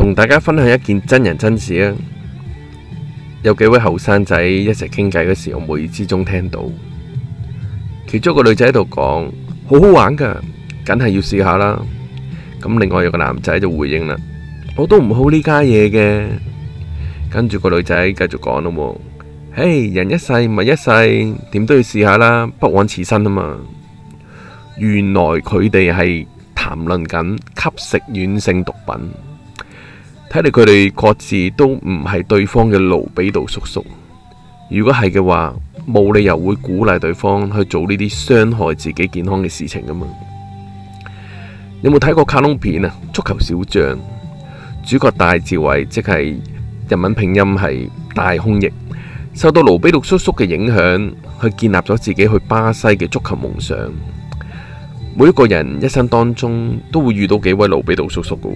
同大家分享一件真人真事啊！有幾位後生仔一齊傾偈嘅時候，我無意之中聽到，其中一個女仔喺度講好好玩噶，梗係要試下啦。咁另外有個男仔就回應啦，我都唔好呢家嘢嘅。跟住個女仔繼續講，咯，冇嘿，人一世物一世，點都要試下啦，不枉此生啊嘛。原來佢哋係談論緊吸食軟性毒品。睇嚟佢哋各自都唔係對方嘅盧比道叔叔。如果係嘅話，冇理由會鼓勵對方去做呢啲傷害自己健康嘅事情噶嘛。有冇睇過卡通片啊？足球小將主角戴志偉，即係日文拼音係大空翼，受到盧比道叔叔嘅影響，去建立咗自己去巴西嘅足球夢想。每一個人一生當中都會遇到幾位盧比道叔叔噶。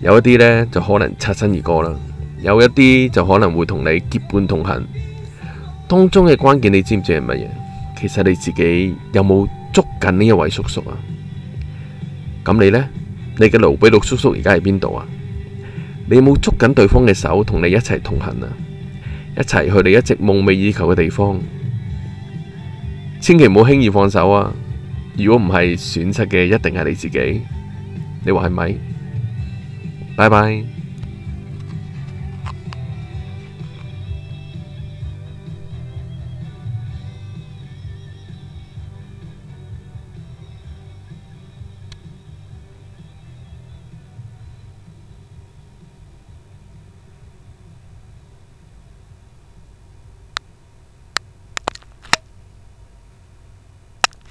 有一啲呢，就可能擦身而過啦，有一啲就可能會同你結伴同行。當中嘅關鍵，你知唔知係乜嘢？其實你自己有冇捉緊呢一位叔叔啊？咁你呢？你嘅路比到叔叔而家喺邊度啊？你有冇捉緊對方嘅手，同你一齊同行啊？一齊去你一直夢寐以求嘅地方。千祈唔好輕易放手啊！如果唔係，損失嘅一定係你自己。你話係咪？拜拜。